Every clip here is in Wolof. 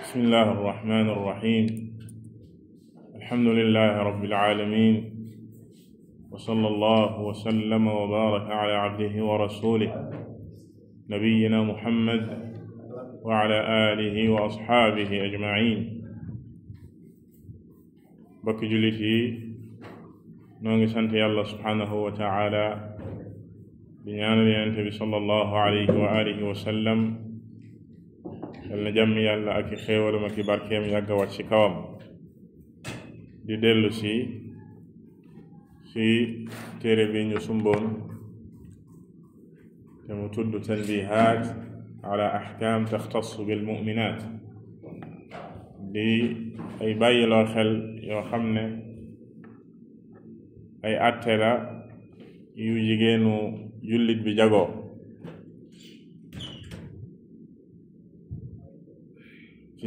bismillahi arrahmani arrahim alhamdulilahi rabbil alamin wa sallallahu wa sallama wa baraka ala abdihi wa rasulihi nabiyyina muhammad wa ala alihi wa ashaabihi ajmain bokk jullit yi noo ngi sant yàlla subhaanahu wa taala di ñaanal yonent bi sallallahu alayhi wa alihi wa sallam yal na jàmm yàlla ak i barkeem yàgg a ci kawam di dellu si si téere bi ñu sumboon te mu tudd tanbihaat ala ahkaam taxtassu bil muminat di ay bàyyiloo xel yoo xam ne ay àtte yu jigéenu jullit bi jagoo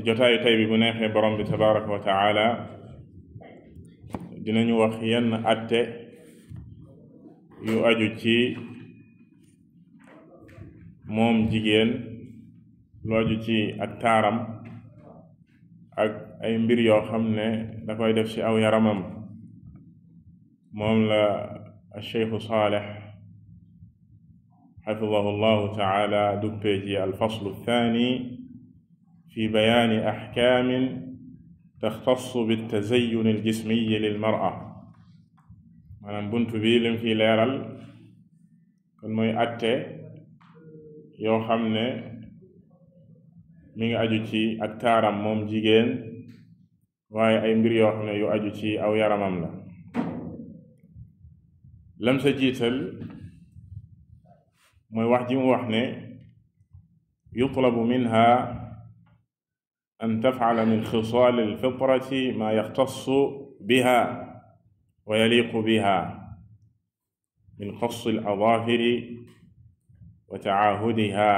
jotaayu tey bi bu neexee borom bi tabaraka wa taala dinañu wax yenn atte yu aju ci moom jigéen lu aju ci ak taaram ak ay mbir yoo xam ne da koy def ci aw yaramam moom la cheikhu saalex xafidahu llahu taala duppee ci alfaslu thani في بيان أحكام تختص بالتزين الجسمي للمرأة maanaam bunt bi lim fi leeral kon mooy atte yoo xam ne mi ngi aju ci ak taaram moom jigéen waaye ay mbir yoo xam ne yu aju ci aw yaramam la lam sa jiital mooy wax ji mu wax ne yutlabu minha an tafcala min xisaali alfitrati maa yaxtasu biha wa yaliqu biha min qassi alazaafiri wa tacaahudiha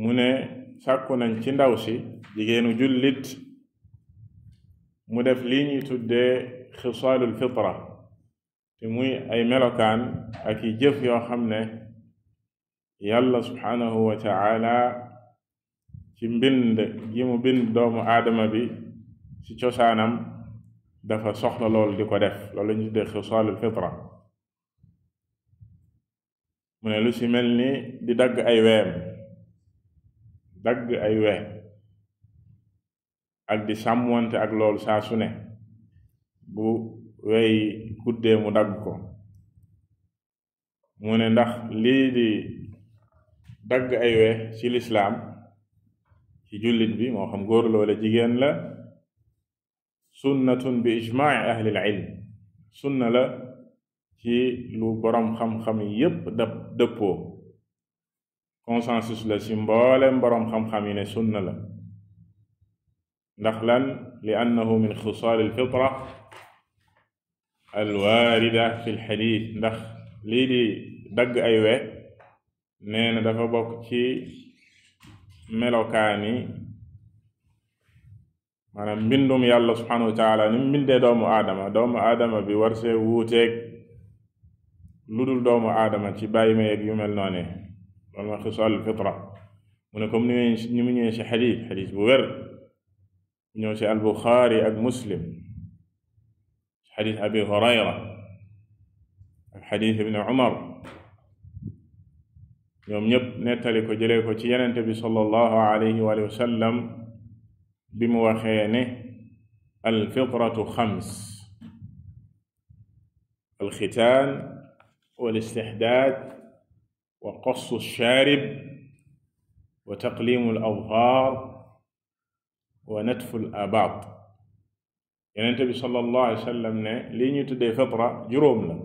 mu ne sàkku nañ ci ndaw si jigéenu jullit mu def lii ñuy tuddee xisaalul fitra te muy ay melokaan ak i jëf yoo xam ne yàlla subhaanahu wa taala ci mbind gi mu bind doomu aadama bi ci cosaanam dafa soxla loolu di ko def loolu ñu tuddee xisaalul fitra mu ne lu ci mel ni di dagg ay weem dagg ay weem ak di sàmmwante ak loolu saa su ne bu wey guddee mu dagg ko mu ne ndax lii di dagg ay we ci lislaam ci jullit bi moo xam góor la wala jigéen la sunnatun bi ijmaci ahlil ilm sunna la ci lu boroom xam-xam yépp dap dëppoo consensus la ci mbooleem boroom xam yi ne sunna la ndax lan li annahu min xisaal alfitra alwaarida fi lxadit ndax lii di dagg ay we nee na dafa bokk ci melokaani maanaam mbindoom yàlla subhanahu wa taala ni mbindee doomu aadama doomu aadama bi war see ludul doomu aadama ci bàyyi ma yeeg noone loolu ma xisal mu ne comme mu ñëwee ci xadis xadis bu wér albuxaari ak muslim ci abi hurayra ak xadis ibni umar ñoom ñëpp nettali ko jëlee ko ci yenente bi sallallahu alayhi wa sallam bi mu waxee ne alfitratu xams alxitaan walistixdaad wa qassu alshaarib wa taqlimu aladfaar wa natfu alabaat yenente bi sallallahu alayhi wa sallam ne li ñu tuddee fitra juróom la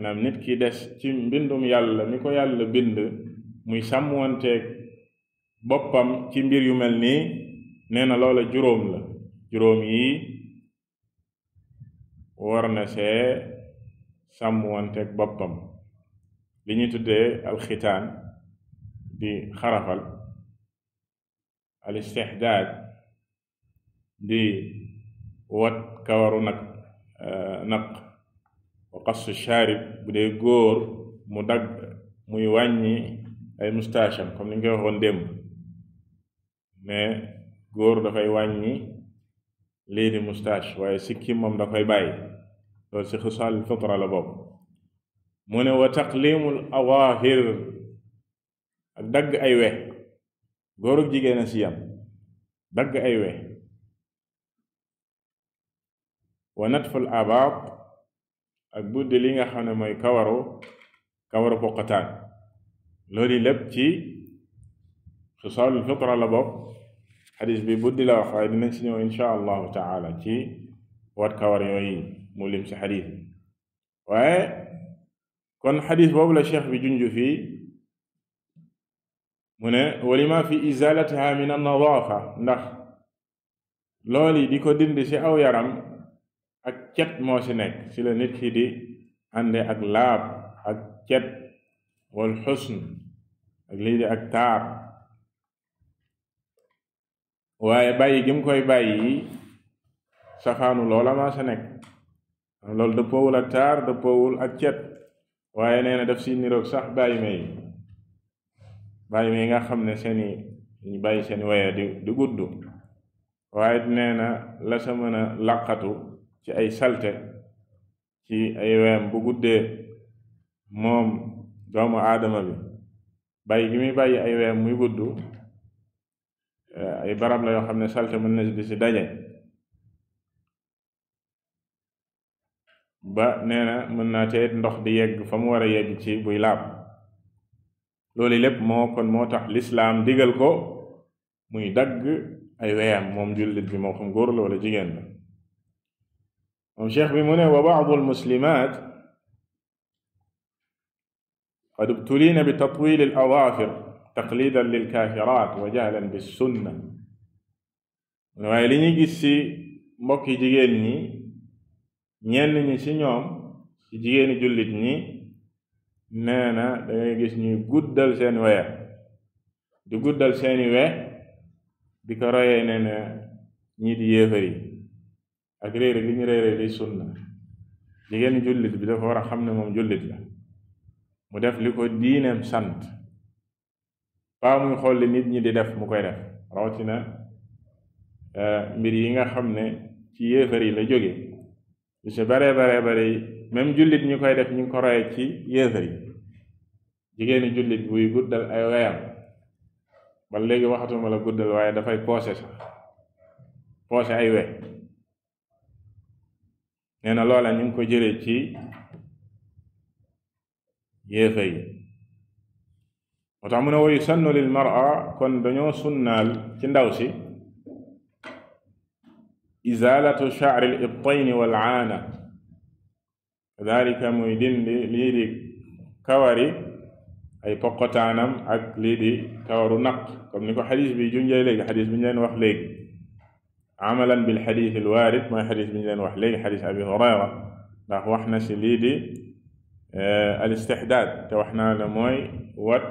maanaam nit ki des ci mbindum yàlla mi ko yàlla bind muy sàmmanteeg boppam ci mbir yu mel nii nee na loola juróom la juróom yi war na see boppam li ñuy tuddee alxitaan di xarafal al di wat kawaru nag naq eh, wa qas shaarib bu dee góor mu dagg muy wàññi ay moustache comme ni ñu koy waxoon démb mais góor dafay wàññi lii di moustache waaye sikkim moom da bàyyi loolu si xisaal fitra la bokk mu ne wa taqlimul awaahir ak dagg ay we góor ak jigéen a si yam dagg ay we wa natful abaat ak buddi li nga xam ne mooy kawaru kawaru poqataan loolu lépp ci xisaalul fitra la bokk xadis bi buddi la wax waaye dinañ si ñëw insha allahu taala ci wat kawar yooyu mu si xadis bi kon xadis boobu la cheikh bi junju fii mu ne walima fi izalatiha min annadaafa ndax loolu di ko dindi si aw yaram ak cet moo ci nekk ci la nit ki di ànde ak laab ak cet wal xusn ak lii di ak taar waaye bàyyi gi koy bàyyi saxaanu loola maa sa nekk loolu dëppoowul ak taar dëppoowul ak cet waaye nee def daf si niroog sax bàyyi may bàyyi may nga xam ne seeni ñu bàyyi seen waye di gudd waaye nee la sa mën làqatu ci ay salte ci ay weyam bu guddee moom doomu aadama bi bàyyi gi muy bàyyi ay weyam muy gudd eh, ay barab la yoo xam ne salte mën na di si daje ba nee na mën naa cee ndox di yegg fa mu war a yegg ci buy laab loolu lépp moo kon moo tax lislaam digal ko muy dagg ay weyam moom jullit bi moo xam góor la wala jigéen la moom cheikh bi mu ne wa baadu almuslimat qad ubtulina bi tatwil al adafir taqlidan lilkaafirat wa jahlan bissunna mu ne waaye li ñuy gis ci mbokki jigéen ñi ñenn ñi ci ñoom ci jigéeni jullit ñi nee na dangay gis ñuy guddal seen wee di guddal seeni wee di ko royee nee di yéefar yi ak réere gi ñu réere li sunna jigéen jullit bi dafa war a xam ne moom jullit la mu def li ko diineem sant paa muy xool nit ñi di def mu koy def rawatina euh, mbir yi nga xam ne ci yéefar yi la jóge lu ci baree baree bare yi même jullit ñi koy def ñu ko roye ci yéefar yi jigéeni jullit buy guddal ay weyam ba léegi waxatuma la guddal waaye dafay poose sax poose ay we nee na loola ñu ngi ko jëlee ci yéefa yi moo tax mu ne wa yusannu mara kon dañoo sunnaal ci ndaw si izalatu shaari l ibtayni wal aana kadalika muy dindi lii kawari ay poqotaanam ak lii di kawaru naq comme ni ko xadis bi junjee léegi xadis bi ñu leen wax léegi amalan bil xadis al waarid mooy xadis bi ñu leen wax léegi xadis abi hurayra ndax wax na si lii di eh, al istixdaad te wax naa la mooy wat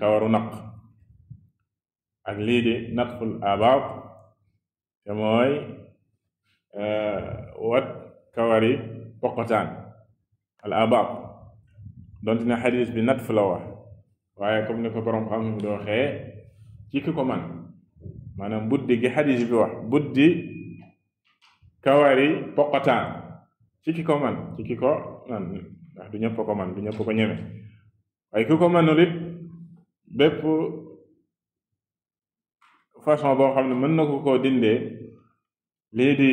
kawaru naq ak lii di natful abaat te mooy eh, wat kawari poqotaan al abaat donte ne xadis bi natf la wax waaye comme ni ko borom xam-xam di waxee ci ki ko man maanaam buddi gi xadis bi wax buddi kawari poqataan ci ki ko man ci ki ko man ndax du ñëpp ko ñeme waaye ki ko manul it bépp façon boo xam ne mën na ko koo dindee lii di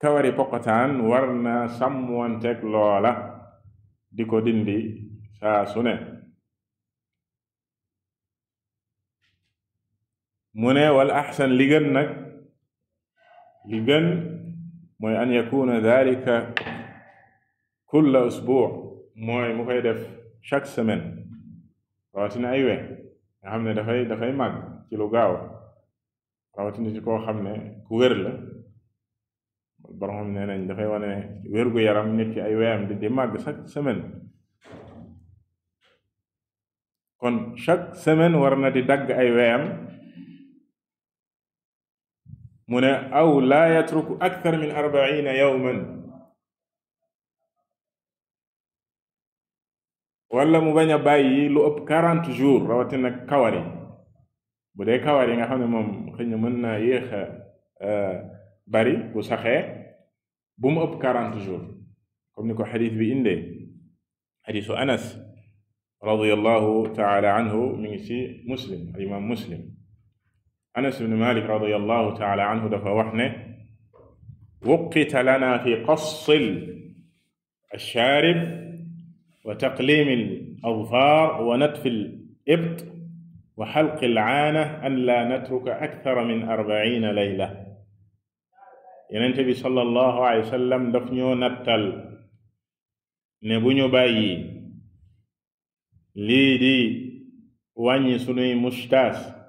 kawari poqataan war na sàmmanteeg loola di ko dindi saa su mu ne wal axsan li gën nag li gën mooy an yakuna dalika kulla usbuu mooy mu koy def chaque semaine rawatina ay we xam ne dafay dafay màgg ci lu gaaw rawatina ci koo xam ne ku wér la borom xam ne nañ dafay wane wér gu yaram nit ki ay weyam di di màgg chaque semaine kon chaque semaine war na di dagg ay weyam mu ne aw laa yatruku akthar min arbaina yawman wala mu bañ a bàyyi lu ëpp quarante jours rawatina kawar yi bu dee kawar yi nga xam ne moom xëy na mën naa yéex a bari bu saxee bu mu ëpp quarante jours comme ni ko xadis bi indee xadisu anas radiyallahu taala anhu mi ngi ci muslim al imam muslim anas ibn malik radiyallahu taala anhu dafa wax ne wuqita lana fi qassil alshaarib wa taqlim aladfaar wa natfi alibt wa xalq alaana an la natruka akthara min arbaina layla yonent bi sallallahu alayhi wa sallam daf ñoo nattal ne bu ñu bàyyi lii di wàññi sunuy mustaas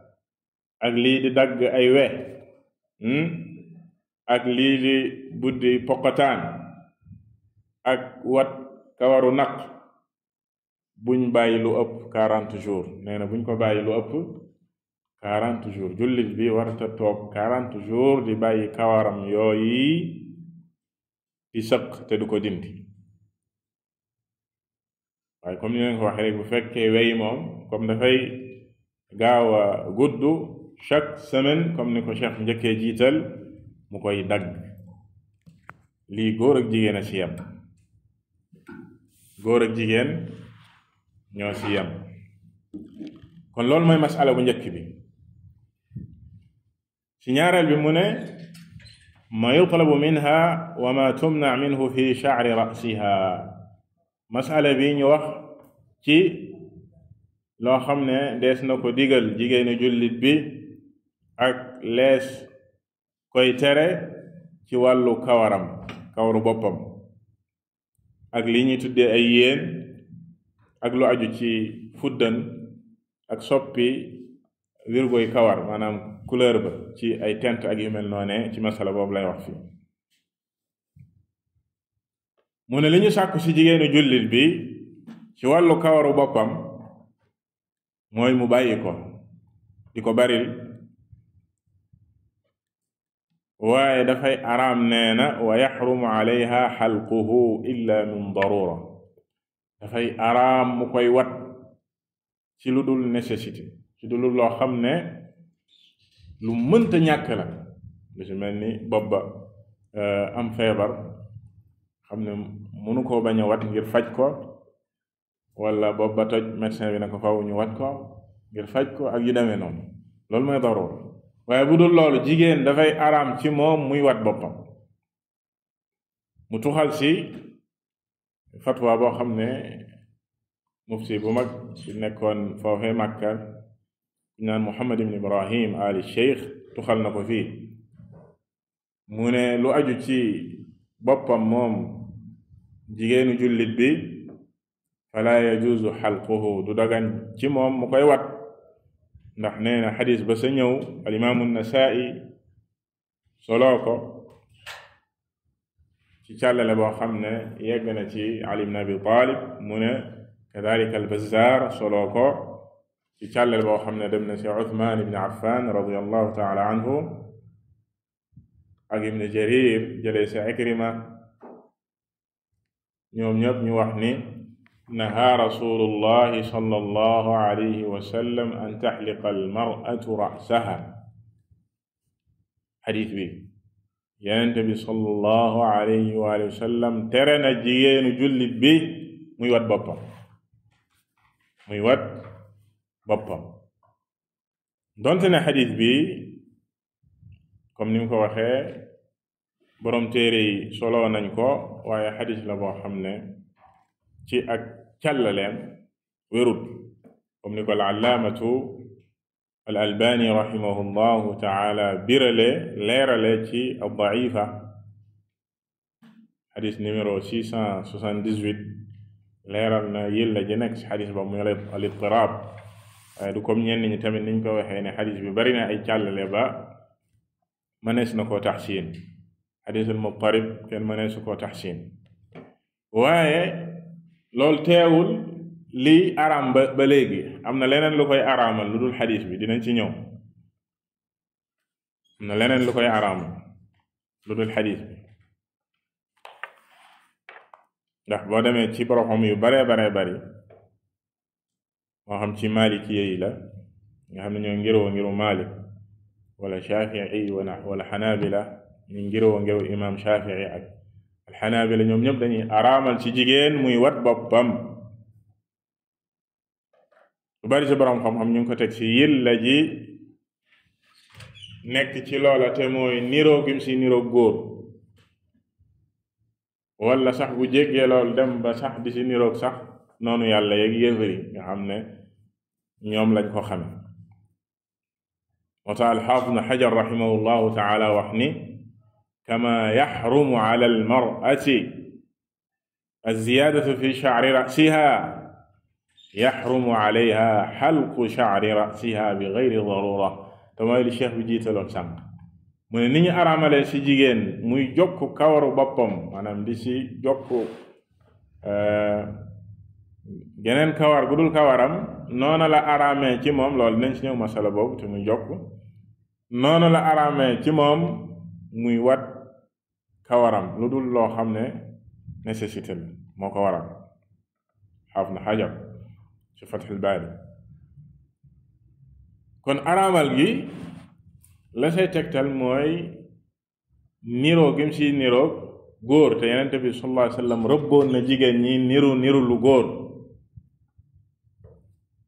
ak lii di dagg ay we hmm? ak lii di buddi poqataan ak wat kawaru naq buñ bàyyi lu ëpp quarante jours nee buñ ko bàyyi lu ëpp quarante jours jullit bi warta toog quarante jours di bàyyi kawaram yooyi di sëq te du ko dindi comme ni ko waxee bu fekkee wey moom comme dafay gaaw a gudd chaque semaine comme ni ko cheikh njëkkee jiital mu koy dagg lii góor ak jigéen a si yam jigéen ñoo si kon loolu mooy masala bu njëkk bi ci ñaareel bi mu ne ma yutlabu minha wa ma tumna minhu fi sha'ri ra'siha masala bi ñu wax ci loo xam ne des na ko jigéen jigéenu jullit bi ak lees koy tere ci wàllu kawaram kawaru boppam ak li ñuy tuddee ay yéen ak lu aju ci fuddan ak soppi wirgoy kawar maanaam couleur ba ci ay tent ak yu noone ci masala boobu lay wax fii mu ne li ñu sàkku ci jigéenu jullit bi ci wàllu kawaru boppam mooy mu bàyyi ko bari waaye dafay araam neena wa yaxrumu alayha xalquhu illa min darura dafay araam mu koy wat ci lu dul nécessité ci lu dul loo xam ne lu mënta ñàkk la lu ci mel ni bopp ba euh, am feebar xam ne mënu koo bañ a wat ngir faj ko wala bopp ba toj médecin bi na ko faw ñu wat ko ngir faj ko ak yu demee noonu loolu mooy darura waaye bu dul loolu jigéen dafay araam ci moom muy wat boppam mu tuxal si fatwa boo xam ne mufti bu mag bi nekkoon foofee Makka naan Muhammad ibn Ibrahim ali Cheikh tuxal na ko fi mu ne lu aju ci boppam moom jigéenu jullit bi fala yajuuzu xalquhu du dagan ci moom mu koy wat ndax nee na xadis ba sa ñëw alimaamu nasaa'i soloo ko ci càllale boo xam ne yegg na ci ali ibn abi talib mu ne kadalika albazar soloo ko ci càllale boo xam ne dem na ci uthman ibn affan radiallahu taala anhu ak ibn jarir jëlee sa ikrima ñoom ñëpp ñu wax ni nahaa rasulullahi sallallahu alayhi wa sallam an taxliqa almar'atu ra'saha xadiis bi yonent bi sallallahu alayhi wa sallam tere na jigéenu jullit bi muy wat boppam muy wat boppam donte na xadiis bi comme ni mu ko waxee boroom téere yi soloo nañ ko waaye xadiis la boo xam ne ci ak càllaleem wérut comme ni ko alaamatu al albani rahimahullahu taala birale leerale ci al daifa xadis numéro six cent soixante-dix-huit leeral na yilla ji xadis ba muy al du comme ñenn ñi tamit niñ ko waxee ne xadis bi bari na ay càllale ba mënees na xadis al mutarib kenn mëneesu koo taxsin waaye loolu teewul lii araam ba ba am na leneen lu koy araamal lu dul xadis bi dinañ ci ñëw am na leneen lu koy araamal lu dul xadis bi ndax boo demee ci boroxam yu baree baree bari moo xam ci maliki yi la nga xam ne ñoo ngiroo ngiru malik wala shafii wala wala xanabila ñu ngiroo ngiru imam ak alxanaabila ñoom ñëpp dañuy araamal ci jigéen muy wat boppam bari ci borom xam-xam ñu ko teg ci yilla ji nekk ci loola mooy niroo gim si niroo góor wala sax bu jéggee lool dem ba sax di si niroog sax noonu yàlla yeeg yéefari nga xam ne ñoom lañ ko xame moo tax na xajar raximahu llahu taala wax ni kama yaxrumu ala almar'ati alziyaadatu fi sha'ri ra'siha yaxrumu alayha xalqu sha'ri ra'siha bi gayri darura te mooy li cheikh bi jiitaloon sànq mu ne ni ñu araamale si jigéen muy jokk kawaru boppam maanaam di si jokk eh, geneen kawar gu dul kawaram noona la araamee ci moom loolu nañ si ñëw masala boobu te muy jokk noona la araamee ci moom muy wat kawaram lu dul loo xam ne nécessité la moo ko waral xaaf na xajar ci Fathul Baari kon araamal gi la say tegtal mooy niroo gim si niroo góor te yenente bi sallallahu alayhi na jigéen ñi niru niru lu góor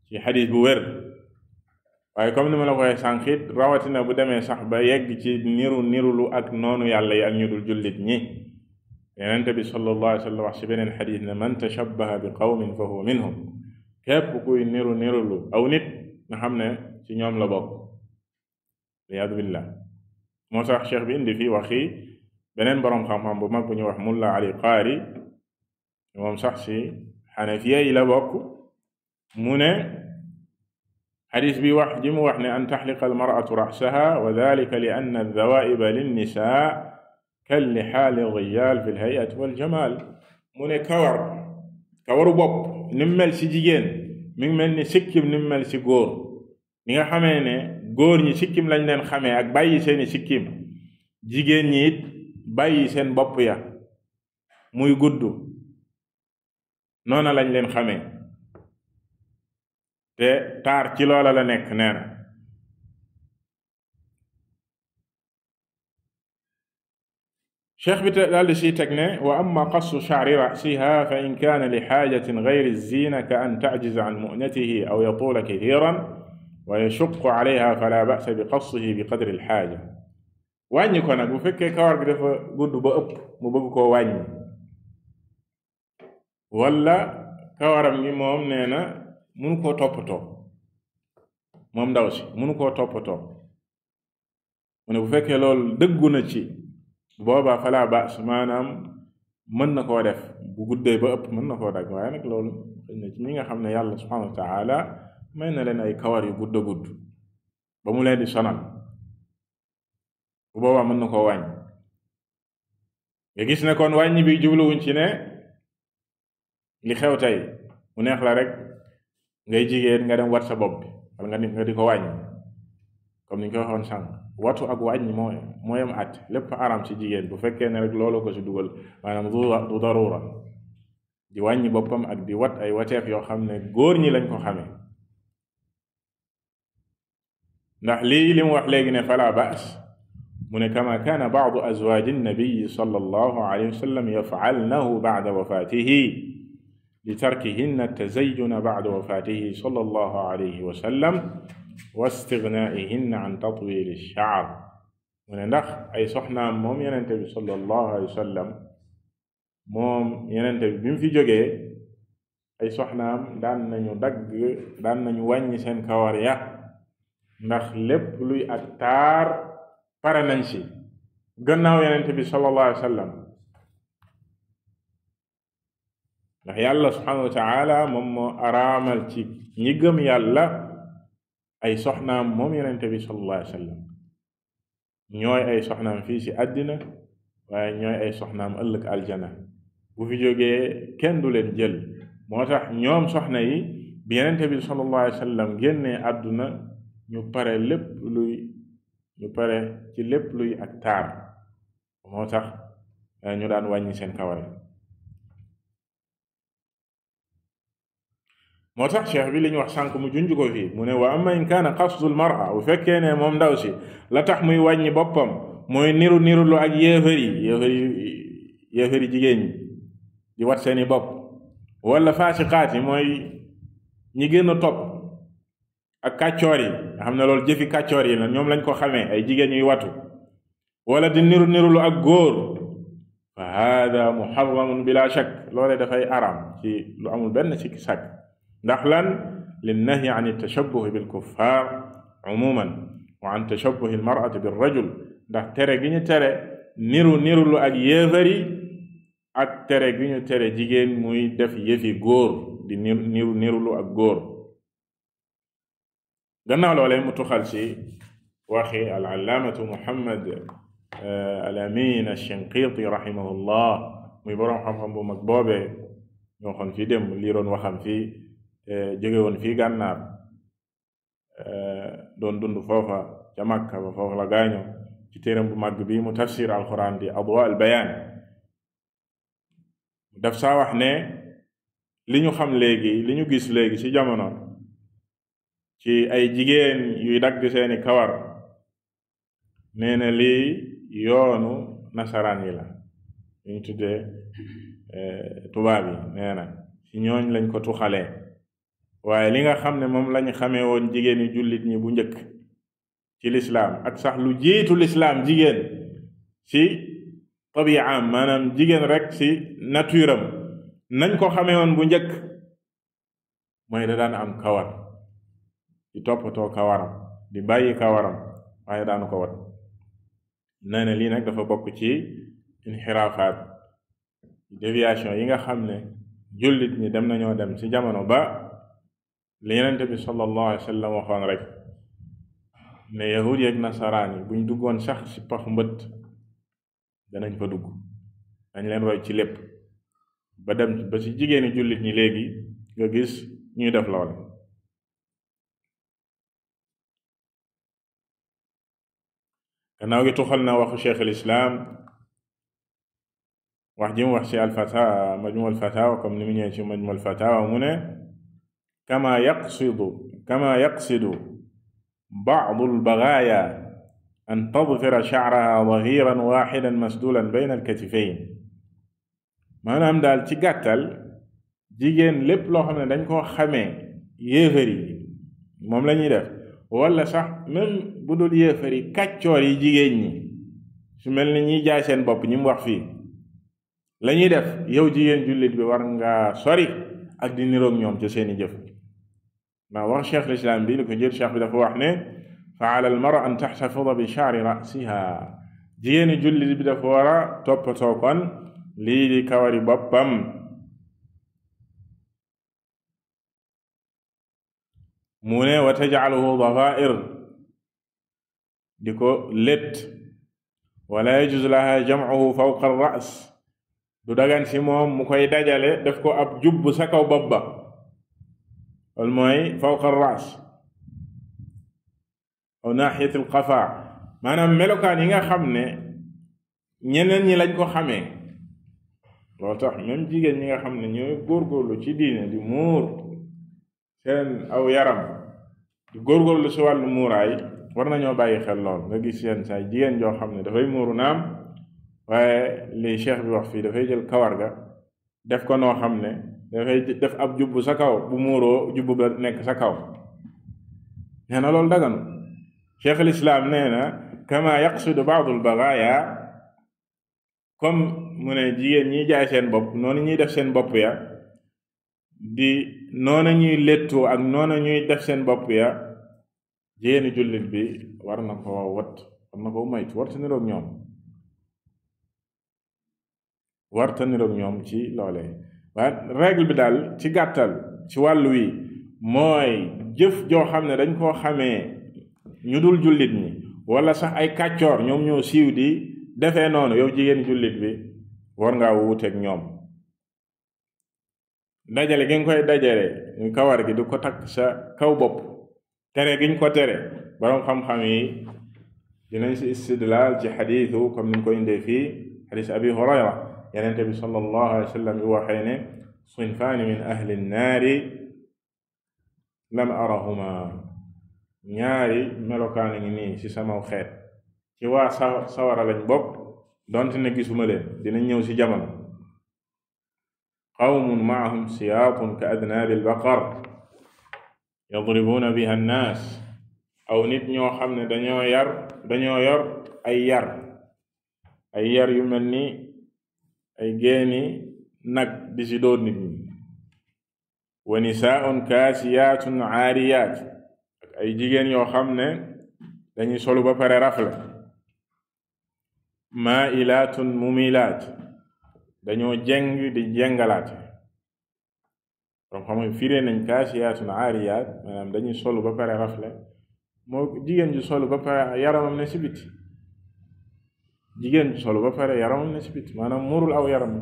ci xadis bu wér waaye comme ni ma la koy sànq rawatina bu demee sax ba yegg ci niru nirulu ak noonu yàlla yi ak ñu dul jullit ñi bi sallallahu alayhi wa sallam ci beneen xadis ne man tashabbaha bi qawmin fa huwa minhum képp kuy niru nirulu aw nit xam ne ci ñoom la bokk riyaadu billah moo tax cheikh bi indi fii waxi beneen boroom xam-xam bu mag bu ñu wax mulla ali qaari moom sax ci xanafiya yi xadis bi wax ji mu wax ne an taxliqa almaratu rasaha wa dalika li ann aldawaiba linnisa kal lixaali diyaal fi lhayati waljamal mu ne kawar kawaru bopp ni mu mel si jigéen mi ngi mel ni sikkim ni mu mel si góor ni nga xamee ne góor ñi sikkim lañ leen xamee ak bàyyi seeni sikkim jigéen ñi it bàyyi seen bopp ya muy gudd noona lañ leen xamee te taar ci loola la nekk nee na cheikh bi daldi siy teg ne wa amma qassu sha'ri ra'siha fa in kaana li xaajatin gayri zina ka an ta'jiza an mu'natihi aw yatuula kathiran wa yashuqu alayha fala ba'sa bi qassihi bi qadri alxaaja wàññi ko nag bu fekkee kawar gi dafa gudd ba ëpp mu bëgg koo wàññi wala kawaram gi moom nee na munu koo toppatoo moom ndaw si munu koo toppatoo mu ne bu fekkee loolu dëggu na ci boobaa falaa baas maanaam mën na koo def bu guddee ba ëpp mën na koo dagg waaye nag loolu xëy nga xam ne yàlla subhanahu wa may na leen ay kawar yu gudd gudd ba mu leen di sonal bu boobaa mën na koo wàññi nga gis ne wàññi bi jubluwuñ ci ne li xew tey mu neex la rek ngay jigéen nga dem wat sa bopp bi nga nit nga di ko wañ comme ni ñu waxoon sànq watu ak wàññi moo mooyam at lépp aram ci jigéen bu fekkee ne rek loolu ko ci dugal maanaam du darura di wàññi boppam ak di wat ay wateef yoo xam ne góor ñi lañ ko xamee ndax lii li mu wax léegi ne fala baas mu ne kama kaana baadu azwaaji nnabiyi yafalnahu baada wafaatihi لتركهن التزين بعد وفاته صلى الله عليه wasallam wa istighnaa'ihinna an tatwiil ash-sha'r mu ne ndax ay soxnaam moom yenente bi sallallahu alayhi wa sallam moom yenente bi bi mu fi jógee ay soxnaam daan nañu dagg daan nañu wàññi seen kawar ya ndax lépp luy ak taar pare nañ si gannaaw yenente bi sallallahu alayhi wa sallam ndax yàlla subhanahu wa taala moom moo araamal ci ñi gëm yàlla ay soxnaam moom yonente bi sallallahu wa sallam ñooy ay soxnaam fii ci àddina waaye ñooy ay soxnaam ëllëg aljana bu fi jógee kenn du leen jël moo tax ñoom soxna yi bi yonente bi sallallahu wa sallam génnee àdduna ñu pare lépp luy ñu pare ci lépp luy ak taar moo tax eh, ñu daan wàññi seen kawar moo tax cheikh bi li ñu wax sànq mu junj ko fii mu ne waa amma in kaana qasdul mar'a bu fekkee ne moom ndaw si la tax muy wàññi boppam mooy niru nirulu ak yéefar yi jigéen ñi di wat seeni bopp wala faasiqaat yi mooy ñi gën a topp ak kàccoor yi nga xam ne loolu jëfi kàccoor yi la ñoom lañ ko xamee ay jigéen ñuy watu wala di niru nirulu ak góor fa haada muharramun bila shakk loolee dafay araam ci lu amul benn sikki sàkk ndax lan linnahyi an tashabbuhi bil kuffar umuman wa an tashabbuhi al rajul ndax tere gi ñu tere niru nirulu ak yéefar yi ak tere gi ñu tere jigéen muy def yëfi góor di niru nirulu ak góor gannaaw loolee mu tuxal ci waxi al allaamatu muhammad euh, al amin ashinqiiti muy boroom xam-xam bu mag boobee ñoo xam fi dem waxam fii Eh, jóge woon fii gànnaar eh, doon dund foofa ca Makka ba foofa la gaañoo ci téeram bu màgg bi mu tafsir alquran di adwa al bayaan daf saa wax ne li ñu xam léegi li ñu gis léegi ci jamono ci ay jigéen yuy dagg seeni kawar nee na lii yoonu nasaraan yi la ñu tuddee eh, tubaab yi nee ci ñooñ lañ ko tuxalee waaye li nga xam ne moom lañ xamee woon jigéeni julit ñi bu njëkk ci lislaam ak sax lu jiitu lislaam jigéen si tabiaam maanaam jigéen rek ci naturam am nañ ko xamee woon bu njëkk mooy da daan am kawar di toppatoo kawaram di bàyyi kawaram waaye daan ko wat nee na lii nag dafa bokk ci inxiraafaat déviation yi nga xam ne julit ñi dem nañoo dem ci jamono ba li yonente bi sallallahu alayhi wa sallam waxoon rek ne yahud yeeg nasaraan yi buñ duggoon sax ci pax mbët danañ fa dugg dañ leen roy ci lépp ba dem ba ci jigéeni jullit ñi léegi nga gis ñuy def lool gannaaw gi tuxal na waxu cheikh al islaam wax ji mu wax ci alfatawa majmu alfatawa comme ni mu ñëwee ci majmu alfatawa mu ne kama yaqsidu kama yaqsidu ba'du al-baghaaya an tadfira sha'raha dahiran waahidan masduulan bayna al-katifayn maanaam daal ci gàttal jigéen lépp loo xam ne dañ koo xamee yéefar yi moom lañuy def wala sax même bu dul yéefar yi kàccoor yi jigéen ñi su mel ni ñuy jaay seen bopp ñi mu wax fii la ñuy def yow jigéen jullit bi war nga sori ak di niroog ñoom ci seeni jëf maa wax cheikh lislaam bi li ko jël cheikh bi dafa wax ne fa ala almara an taxtafida bi chaari rasiha jigéeni jullit bi dafa war a toppatoo kon lii di kawari boppam mu wa tajcaluhu dafair di ko lét wala yajuz laha jamcuhu fawqa arras du dagan si moom mu koy dajale def ko ab jubb sa kaw bopp loolu mooy fawqa ras aw naxiyatil qafa maanaam melokaan yi nga xam ne ñeneen ñi lañ ko xamee loolu tax même jigéen ñi nga xam ne ñooy góorlu ci diine di muur seen aw yaram di góorgóorlu si wàllu muuraay war nañoo bàyyi xel lool nga gis seen saay jigéen joo xam ne dafay muuru naam waaye li cheikh bi wax fii dafay jël kawar ga def ko noo xam ne dafay def ab jubbu sa kaw bu muuroo jubbu ba nekk sa kaw nee na loolu daganu cheikh al islam nee na kama yaqsudu baadu al bagaaya comme mu ne jigéen ñi jaay seen bopp noonu ñuy def seen bopp ya di noonu ñuy léttoo ak noonu ñuy def seen bopp ya jigéeni jullit bi war na ko wat war na ko maytu warta niroog ñoom warta niroog ñoom ci loolee waaye règle bi daal ci gàttal ci wàllu wi mooy jëf joo xam ne dañ koo xamee ñu dul jullit ñi wala sax ay kàccoor ñoom ñoo siiw di defe noonu yow jigéen jullit bi war ngaa wuuteeg ñoom dajale gi nga koy dajale kawar gi du ko takk sa kaw bopp tere giñ ko tere boroom xam-xam yi dinañ si istidlaal ci xadiisu comme ni ñu ko indee fii xadiis abi hurayra yenente bi sallallahu alayhi wa sallam yu waxee ne sinfaani min ahli nnaari lam arahuma ñaari melokaani ngi nii ci sama xeet ci waa sa sawara lañ bokk donte ne gisuma leen dinañ ñëw ci jamono qawmun maahum siyaatun ka adnaabi albaqar yadribuuna biha annaas aw nit ñoo xam ne dañoo yar dañoo yor ay yar ay yar yu mel ni ay geeni nag di ci dóor nit ñi wa nisaaun kaasiyaatun aariyaat ay jigéen yoo xam ne dañuy solu ba pare rafle maailaatun mumilaat dañoo jeng di jengalaat donc xam firee nañ kaasiyaatun aariyaat maanaam dañuy solu ba pare rafle moo jigéen ju solu ba pare yaramam ne si jigéen ju sol ba pare yaramam ne ci biti maanaam muurul aw yaram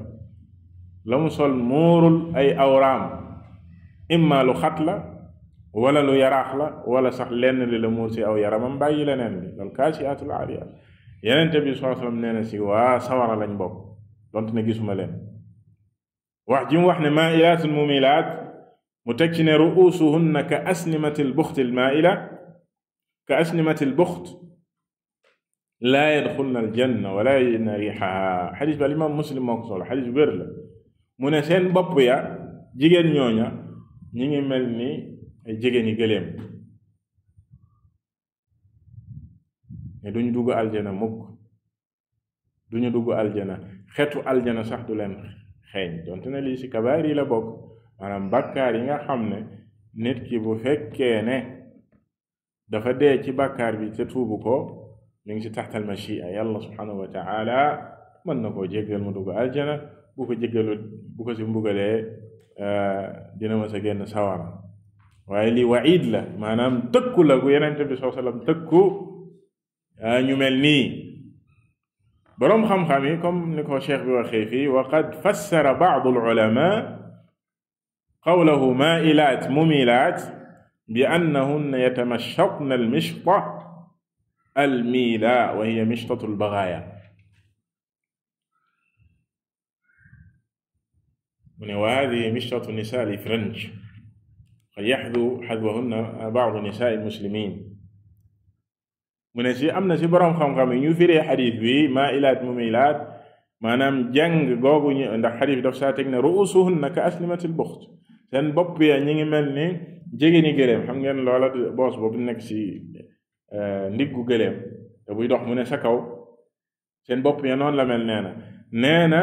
la sol muurul ay awraam imma lu xat la wala lu yaraax la wala sax lenn li la muur ci aw yaramam bàyyi leneen li loolu kaasiatul aariya yenente bi saa sallam nee na ci waa sawara lañ bokk donte ne gisuma leen wax ji wax ne maailatul mumilaat mu teg ci ne ruusuhunna ka asnimatil buxtil maaila ka asnimatil buxt laa yadxulna aljanna wala yajidna rixaha xadis bi alimam muslim moo ko solo xadis bu wér la mu ne seen bopp ya jigéen ñooña ñi ngi mel ni ay jigéeni gëléem ne duñ dugg aljana mukk duñu dugg aljana xetu aljana sax du leen xeeñ donte ne lii ci kabaar yi la bokk maanaam bàkkaar yi nga xam ne nit ki bu fekkee ne dafa dee ci bakkaar bi te tuubu ko ñu ngi ci taxtal machia yàlla subhanahu wa taala mën na koo jéggal mu dugg aljana bu ko jéggalul bu ko ci mbugalee eh, dina mës a génn sawara waaye lii waid la maanaam tëkku la gu yenente bi saw sallam tëkku eh, ñu mel nii boroom xam-xam yi comme ni ko cheikh bi waxee fii wa qad fassara ba'd al-ulama qawlahu ma'ilat mumilat bi annahunna yatamashshatna al-mishta almiila wa hiya mishtatul bagaaya mu ne wa haadihi mishtatu nisaai lifranj qad yaxdu xadwahunna bacdu nisaai lmuslimiin mu ne si am na si boroom xam-xam yi ñu firee xadiis bi maailaat mumilaat maanaam jàng googu ñu ndax xadiis daf saa teg ne ruusuhunna ka aslimatil buxt seen bopp ya ñu ngi mel ni jegéeni gëléem xam ngeen loola boos boobu nekk si Euh, ndiggu gëléem te buy dox mu ne sa kaw seen bopp ya noonu la mel nee na nee na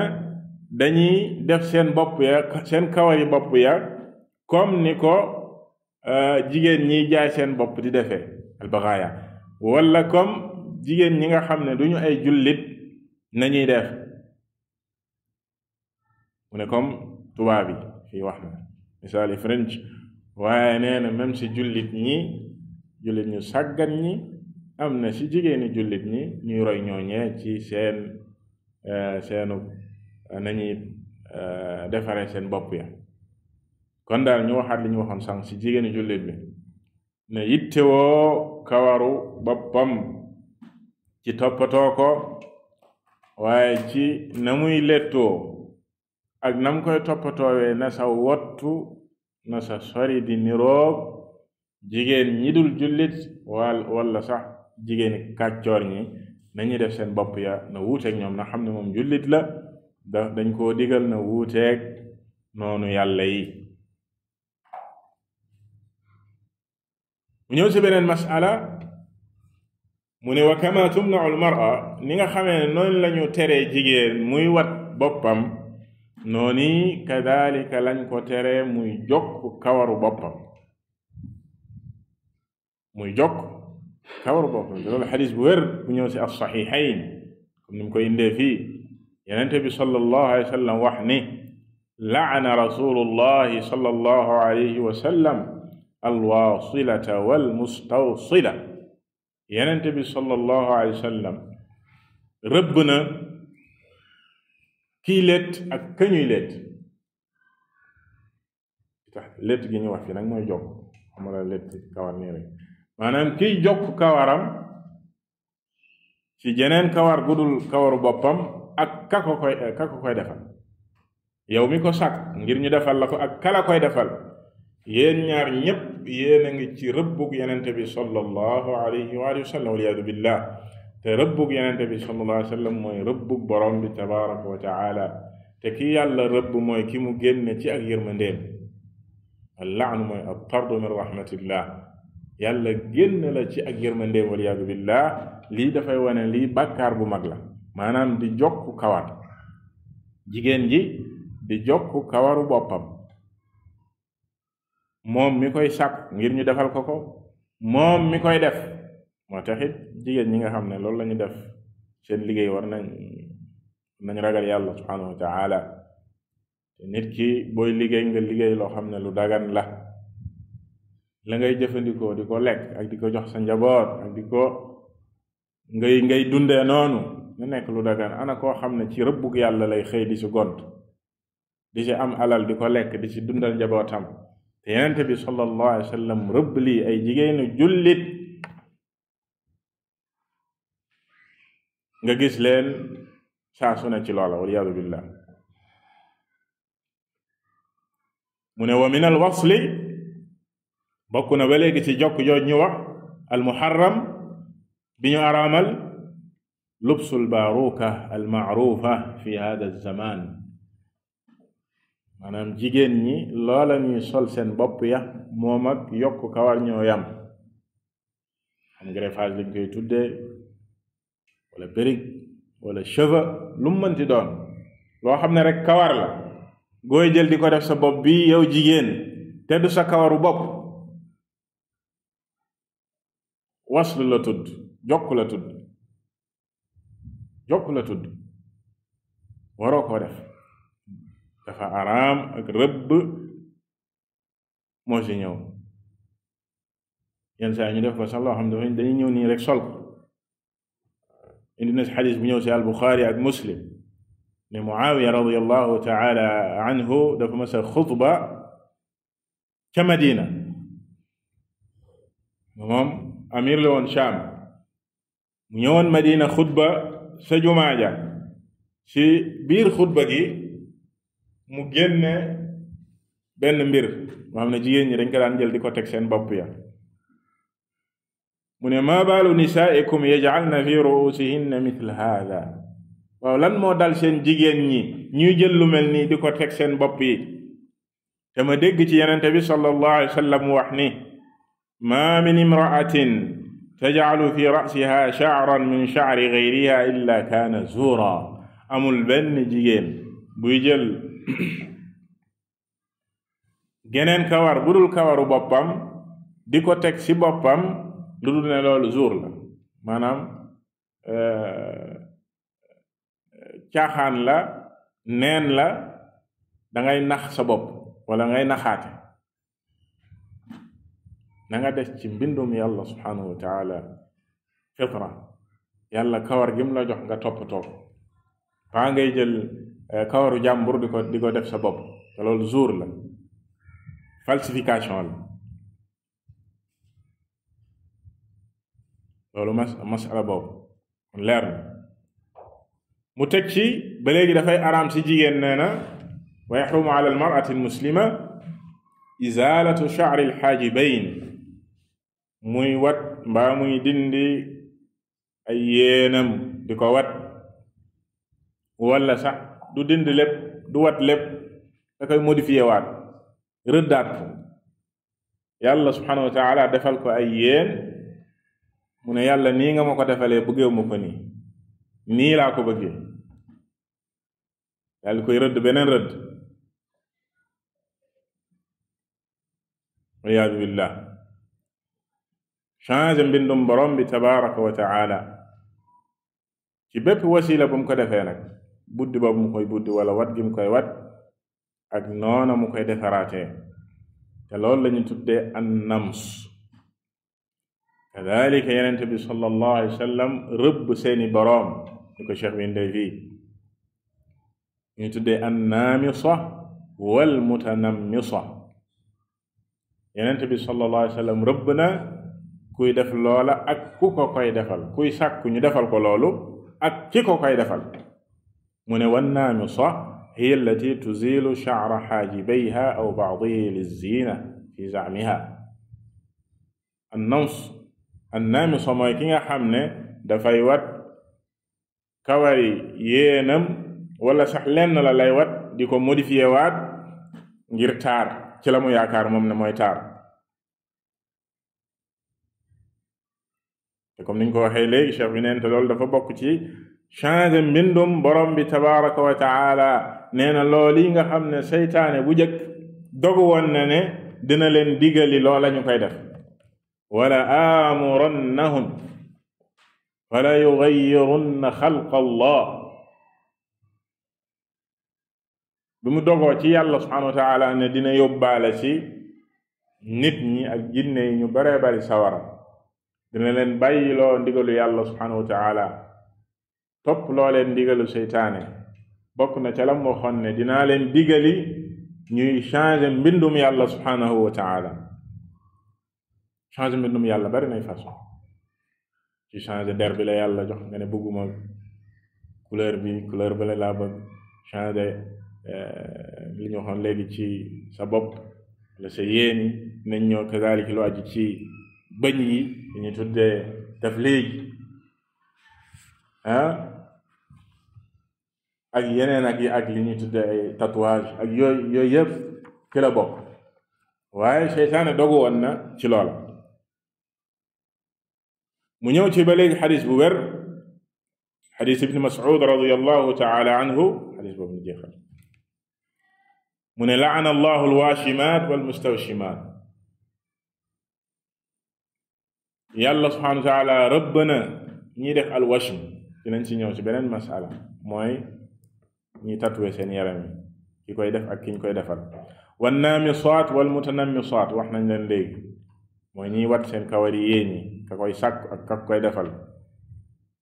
dañuy def seen bopp ya seen kawari bopp ya comme ni ko euh, jigéen ñiy jaay seen bopp di defee albaxaaya wala comme jigéen ñi nga xam ne duñu ay jullit nañuy def mu ne comme tubaab yi fii wax na misaali french waaye nee na si jullit ñi jullit ñu sàggan ñi am na ci jigéeni jullit ñi ñuy roy ñooñee ci seen eh, seenu eh, nañuy eh, defaree seen bopp ya kon daal ñu waxaat li ñu waxoon sànq ci jigéeni jullit bi ne yittewoo kawaru boppam ci toppatoo ko waaye ci na muy lettoo ak nam koy toppatoowee na sa wottu na sa sori di niroog jigéen ñi dul jullit wal sax jigéeni kàccoor ñi nañu def seen bopp ya na wuuteeg ñoom na xam ne moom jullit la da dañ koo digal na wuuteeg noonu yàlla yi mu ñëw si beneen masala mu ne wa kama almara ni nga xamee noonu lañu teree jigéen muy wat boppam nooni kadalika lañ ko teree muy jokk kawaru boppam muy jokk kawaru bopp bi loolu xadis bu wér bu ñëw si as saxiixayn comme ni mu koy indee fii yenente bi sallallahu alayhi wa sallam wax ni laana rasulullahi sallallahu alayhi wa sallam alwasilata walmustawsila yenente bi sallallahu alayhi wa sallam rëbb na kii létt ak kañuy létt tax létt gi ñu wax fi nag mooy jokk amala létt kawar nii rek maanaam kiy jokk kawaram ci jeneen kawar gudul kawaru boppam ak ka koy eh, ka defal yow mi ko sàkk ngir ñu defal la ko ak kala koy defal yéen ñaar ñépp yéen ngi ci rëbbug yenente bi sallallahu alayhi wa alihi wa sallam waliyadu billah te rëbbug yenente bi sallallahu alayhi wa sallam mooy rëbbug borom bi tabaraka wa taala te ki yàlla rëbb mooy ki mu génne ci ak yërmandeem al laanu mooy ab tardu min rahmatillah yàlla génn la ci ak yërmandeem wal yaadu billah lii dafay wane lii bàkkaar bu mag la maanaam di jokku kawar jigéen ji di jokku kawaru boppam moom mi koy sàkk ngir ñu defal ko ko moom mi koy def moo taxit jigéen ñi nga xam ne loolu la def seen liggéey war nañ nañ ragal yàlla subhanahu wa nit ki booy liggéey nga liggéey loo xam ne lu dagan la la ngay jëfandikoo di ko lekk ak di ko jox sa njaboot ak di ko ngay ngay dundee noonu na nekk lu dagan ana koo xam ne ci rëbbug yàlla lay xëy di si gont di ci am alal di ko lekk di si dundal njabootam te yenent bi sallallahu alayhi wa sallam rëbb lii ay jigéenu jullit nga gis leen saa su ne ci loola waliyadu billah mu ne wa min al bokk na ba léegi ci jokk jooj ñu wax al bi ñu araamal lubsul baaruka al fi hada zaman maanaam jigéen ñi loola ñuy sol seen bopp ya moom ak yokk kawar ñoo yam xam greffage lañ koy tuddee lu mu mënti doon loo xam ne rek kawar la gooy jël di ko def sa bopp bi yow jigéen te du sa kawaru bopp wasl la tudd jokk la tudd jokk la tudd waroo koo dafa araam ak rëbb moo si ñëw yenn saa ñu def ko sax loo xam dafa dañuy ñëw nii rek sol indi na si xadis bu ñëw si albuxaari ak muslim ne muawiya radiallahu taala anhu dafa mas a xutba ca madina moom amir la woon Sham mu ñëwoon Madina xutba sa jumaa ja si biir xutba gi mu génne benn mbir moo xam ne jigéen ñi dañ ka daan jël di ko teg seen bopp ya mu ne maa baalu nisaaikum yaj'alna fi ru'usihinna mithla haada waaw lan moo dal seen jigéen ñi ñuy jël lu mel nii di ko teg seen bopp yi te dégg ci yenente bi sallallahu alayhi wa sallam wax ni ma min imra'atin taj'alu fi ra'siha sha'ran min sha'ri ghayriha illa kaana zuura amul benn jigéen buy jël geneen kawar bu dul kawaru boppam di ko teg ci boppam lu dul ne loolu zuur la maanaam caaxaan la neen la dangay nax sa bopp wala ngay naxaate na nga def ci mbindum yàlla subhanahu wa taala fitra yàlla kawar gi la jox nga toppatoo baa ngay jël eh, kawaru jàmbur di ko di ko def sa bopp te zuur la falsification la loolu mas masala boobu kon leer na mu teg ci ba léegi dafay araam si jigéen nee na wa yaxrumu ala almarati almuslima izalatu sha'ri alxaajibayn muy wat mbaa muy dindi ay yéenam di ko wat wala sax du dindi lépp du wat lépp da koy modifié waat rëddaat ko yàlla subhanahu wa taala defal ko ay yéen mu ne yàlla nii nga ko defalee bëggee ma ko nii nii laa ko bëggee daal koy rëdd beneen rëdd iyaadu billah changé mbindum borom bi tabaraka wa taala ci bépp wasila bu mu ko defe nag buddi ba mu koy buddi wala wat gi mu koy wat ak noona mu koy defaraatee te loolu la ñu tuddee an nams kadalika yenente bi sallallahu alayhi wa seeni boroom ñu ko cheikh bi ndey fii ñu tuddee an naamisa wal mutanamisa yenente bi sallallahu alayhi kuy def loola ak ku ko koy defal kuy sàkku ñu defal ko loolu ak ki ko koy defal mu ne wan naamisa hiya allati tuzilu sha'ra xaajibayha aw ba'dihi lizina fi zaamiha an nams mooy ki nga xam ne dafay wat kawari yéenam wala sax lenn la lay wat di ko modifié waat ngir taar ci la mu yaakaar moom ne mooy taar te comme niñ ko waxee léegi cheikh bi neen te loolu dafa bokk ci changé mbindum borom bi tabaraka wa taala nee na loolu yi nga xam ne seytaane bu jëkk dogu woon na ne dina leen digali loola ñu koy def wala aamurannahum fala yugayirunna xalqa allah bi mu dogoo ci yàlla subhanahu wa taala ne dina yóbbaale ci nit ñi ak jinne ñu baree bari sawara dina leen bàyyi loo ndigalu yàlla subhanahu wa taala topp loo leen ndigalu seytaane bokk na ca lam waxoon ne dinaa leen digali ñuy changer mbindum yàlla subhanahu wa taala changer mbindum yàlla bari nay façon ci der bi la yàlla jox nga ne couleur bi couleur bi la laa bëgg changer eh, ñu waxoon léegi ci sa bopp wala sa yéeni nañ ñoo kazalika ci bëñ yi dañuy tuddee daf léegi ah, ak yeneen ak yi ak li ñuy tuddee ay tatouage ak yooyu yooyu yëpp ci waaye seytaane dogu woon na ci loola mu ñëw ci ba léegi xadis bu wér xadis ibni masud radiyallahu taala anhu xadis boobu ñu jeexal mu ne laana allahu alwaashimaat walmustawshimaat yàlla subhanahu wa taala rabbana ñiy def al washm dinañ ci ñëw ci beneen masala mooy ñi tatwe seen yaram ki koy def ak kiñ ñu koy defal wan naamisaat wal mutanammisaat wax nañ leen léegi mooy ñiy wat seen kawar yi yéen ñi ka koy sàkk ak ka koy defal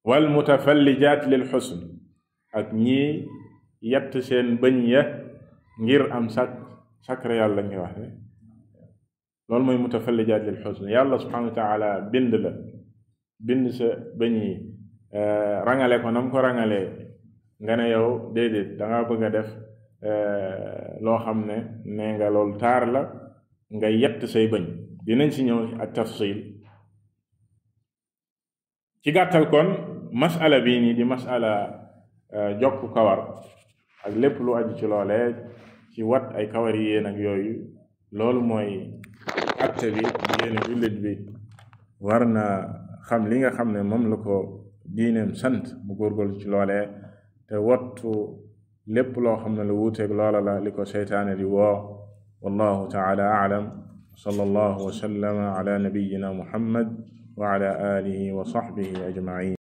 wal mutafallijaat lil xusn ak ñii yett seen bëñ ya ngir am sàkk sàkkre yàlla ñuy wax ne loolu mooy mutafallijaat li xusn yàlla subhanahu wa taala bind la bind sa bëñ yi euh, rangale ko nam ko rangalee nga ne yow déedéet danga nga bëgg a def euh, loo xam ne nee nga loolu taar la nga yett say bëñ dinañ si ñëw ak tafsil ci gàttal kon masala bii nii di masala euh, jokk kawar ak lépp lu aju ci loole ci wat ay kawar yi yéen yooyu loolu mooy àtte bi diggéene jullit bi war na xam li nga xam ne moom la ko diineem sant mu góorgóorlu ci loolee te wattu lépp loo xam ne lu wuuteeg loola la li ko seytaane di woo wallahu taala aalam sala allahu wasallama ala nabiyina muhammad wa ala alihi wa sahbihi ajmain